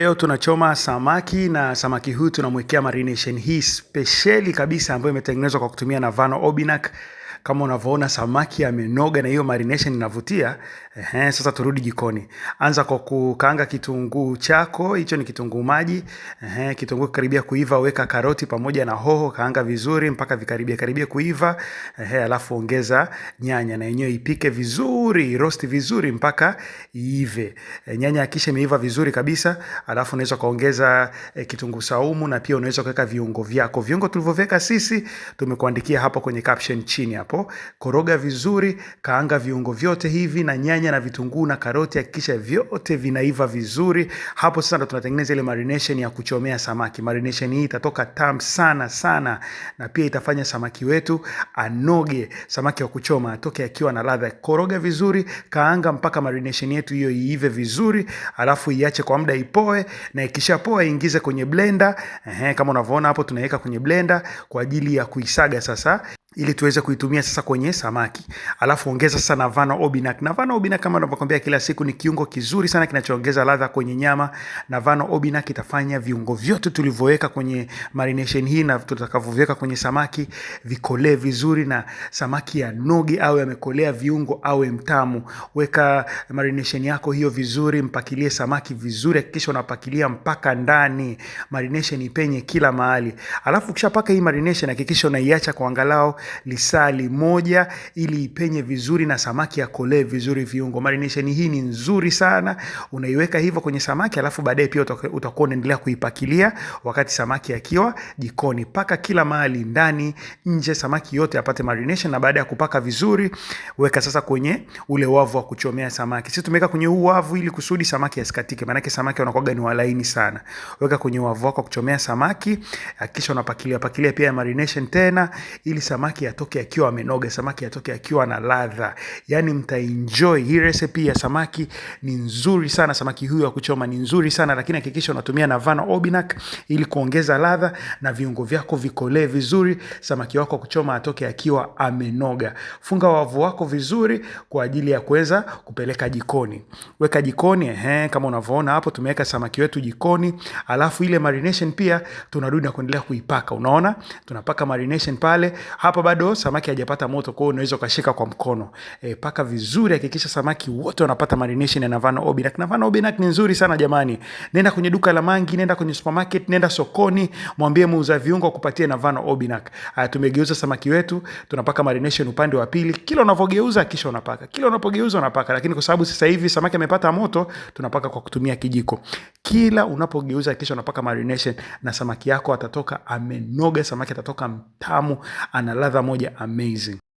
Leo tunachoma samaki na samaki huyu tunamwekea marination hii speciali kabisa ambayo imetengenezwa kwa kutumia Navano Obinak kama unavyoona samaki amenoga na hiyo marination inavutia. Ehe, sasa turudi jikoni. Anza kwa kukaanga kitunguu chako, hicho ni kitunguu maji. Ehe, kitunguu karibia kuiva, weka karoti pamoja na hoho, kaanga vizuri mpaka vikaribia karibia kuiva. Ehe, alafu ongeza nyanya na yenyewe ipike vizuri, roast vizuri mpaka iive. E, nyanya akisha imeiva vizuri kabisa, alafu unaweza kaongeza e, kitunguu saumu na pia unaweza kuweka viungo vyako. Viungo tulivyoweka sisi tumekuandikia hapo kwenye caption chini hapo hapo, koroga vizuri, kaanga viungo vyote hivi na nyanya na vitunguu na karoti, hakikisha vyote vinaiva vizuri. Hapo sasa ndo tunatengeneza ile marination ya kuchomea samaki. Marination hii itatoka tam sana sana, na pia itafanya samaki wetu anoge, samaki wa kuchoma atoke akiwa na ladha. Koroga vizuri, kaanga mpaka marination yetu hiyo iive vizuri, alafu iache kwa muda ipoe, na ikishapoa ingize kwenye blender. Ehe, kama unavyoona hapo tunaweka kwenye blender kwa ajili ya kuisaga sasa ili tuweze kuitumia sasa kwenye samaki. Alafu ongeza sasa na Navano Obinak. Navano Obinak kama tunavyokwambia kila siku ni kiungo kizuri sana kinachoongeza ladha kwenye nyama. na Navano Obinak itafanya viungo vyote tulivyoweka kwenye marination hii na tutakavyoweka kwenye samaki vikolee vizuri na samaki ya nogi au yamekolea viungo au mtamu. Weka marination yako hiyo vizuri, mpakilie samaki vizuri, hakikisha unapakilia mpaka ndani. Marination ipenye kila mahali. Alafu ukishapaka hii marination hakikisha unaiacha kwa angalau lisaa limoja ili ipenye vizuri na samaki akolee vizuri viungo. Marination hii ni nzuri sana, unaiweka hivyo kwenye samaki, alafu baadaye pia utakuwa unaendelea kuipakilia wakati samaki akiwa jikoni. Paka kila mahali, ndani, nje, samaki yote apate marination. Na baada ya kupaka vizuri, weka sasa kwenye ule wavu wa kuchomea samaki. Sisi tumeweka kwenye huu wavu ili kusudi samaki asikatike, maanake samaki wanakuwa ni walaini sana. Weka kwenye wavu wako wa kuchomea samaki, hakikisha unapakilia pakilia pia marination tena ili samaki samaki atoke akiwa amenoga, samaki atoke akiwa na ladha, yani mtaenjoy hii recipe ya samaki. Ni nzuri sana, samaki huyu wa kuchoma ni nzuri sana, lakini hakikisha unatumia Navano Obinak ili kuongeza ladha na viungo vyako vikolee vizuri, samaki wako kuchoma atoke akiwa amenoga. Funga wavu wako vizuri kwa ajili ya kuweza kupeleka jikoni. Weka jikoni, ehe, kama unavyoona hapo tumeweka samaki wetu jikoni, alafu ile marination pia tunarudi na kuendelea kuipaka. Unaona tunapaka marination pale hapa hapo bado samaki hajapata moto, kwao unaweza ukashika kwa mkono e, paka vizuri, hakikisha samaki wote wanapata marination ya Navano Obinak. Navano Obinak ni nzuri sana jamani, nenda kwenye duka la mangi, nenda kwenye supermarket, nenda sokoni, mwambie muuza viungo akupatie Navano Obinak. Haya, tumegeuza samaki wetu, tunapaka marination upande wa pili, kila unavogeuza kisha unapaka, kila unapogeuza unapaka, lakini kwa sababu sasa hivi samaki amepata moto, tunapaka kwa kutumia kijiko. Kila unapogeuza kisha unapaka marination, na samaki yako atatoka amenoga, samaki atatoka mtamu, ana ladha moja amazing.